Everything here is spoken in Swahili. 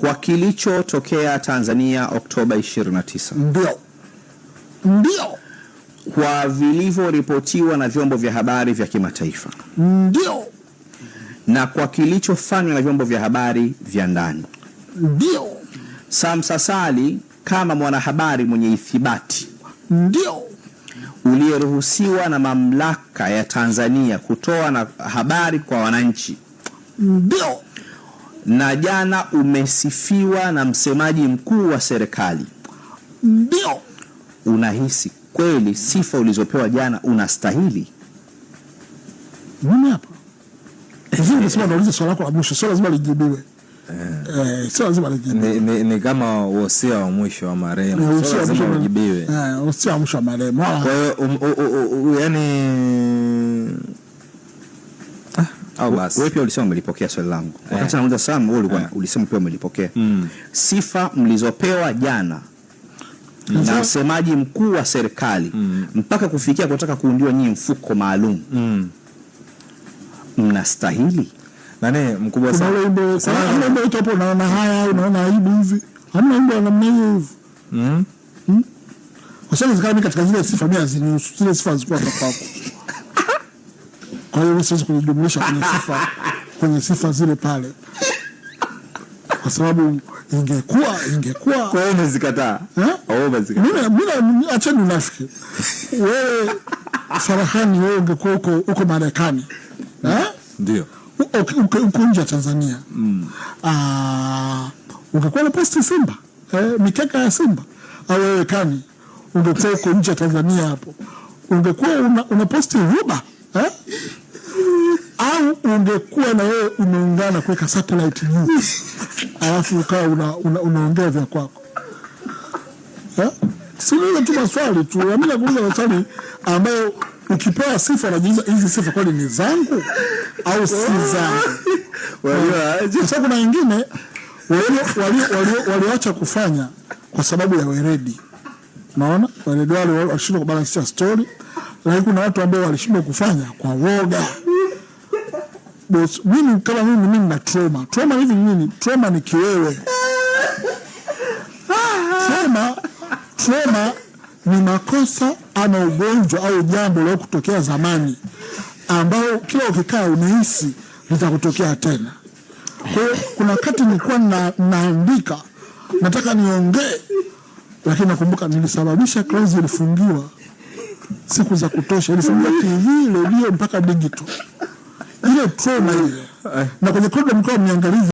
kwa kilichotokea Tanzania Oktoba 29. Ndio. Ndio. Kwa vilivyoripotiwa na vyombo vya habari vya kimataifa. Ndio. Na kwa kilichofanywa na vyombo vya habari vya ndani. Ndio. Samsa Sali kama mwanahabari mwenye ithibati. Ndio. Uliyeruhusiwa na mamlaka ya Tanzania kutoa na habari kwa wananchi. Ndio na jana umesifiwa na msemaji mkuu wa serikali. Ndio unahisi kweli sifa ulizopewa jana unastahili? Mimi hapa hivi unasema, nauliza swali lako la mwisho, sio lazima lijibiwe. Eh, eh sio lazima lijibiwe. Ni, ni kama wosia wa mwisho wa marehemu, eh, sio lazima lijibiwe. Eh, wosia wa mwisho wa marehemu. Kwa hiyo um, yani au basi. Wewe pia ulisema umelipokea swali langu eh. Wakati anauliza salamu wewe ulikuwa eh, ulisema pia umelipokea mm. Sifa mlizopewa jana mm. na msemaji mkuu wa serikali mm. mpaka kufikia kutaka kuundiwa nyinyi mfuko maalum mm. mnastahili nani mkubwa sana hapo, unaona haya, unaona aibu hivi, hamna mtu anamna hiyo hivi mm. mm. Kwa sababu katika zile sifa mimi zile sifa zilikuwa kwako kwa hiyo siwezi kujumlisha kwenye sifa, kwenye sifa zile pale, kwa sababu ingekuwa ingekuwa. Kwa hiyo acheni unafiki wewe Farahani, wewe ungekuwa uko uko Marekani, ndio uko nje ya Tanzania, mm. ah, ungekuwa na posti Simba, eh, mikeka ya Simba au wewe kani, ungekuwa uko nje ya Tanzania hapo, ungekuwa una posti ruba au ungekuwa na wewe umeungana kuweka satellite juu alafu ukawa una, una, unaongea vya kwako yeah? Siuliza tu maswali tu, mimi nakuuliza maswali ambayo ukipewa sifa unajiuliza hizi sifa kweli ni zangu au si zangu? kuna wengine walioacha kufanya kwa sababu ya weredi, naona weredi wale walishindwa kubalansia stori, lakini kuna watu ambao walishindwa kufanya kwa woga boss. Mimi kama mimi mimi na trauma. Trauma hivi nini? Trauma ni kiwewe. Trauma, trauma ni makosa ama ugonjwa au jambo la kutokea zamani ambao kila ukikaa unahisi litakutokea tena. Kwa hiyo kuna wakati nilikuwa na, naandika nataka niongee, lakini nakumbuka nilisababisha Clouds ilifungiwa siku za kutosha, ilifungiwa TV, redio mpaka digital hiyo trauma hiyo, na kwenye program kwa miangalizi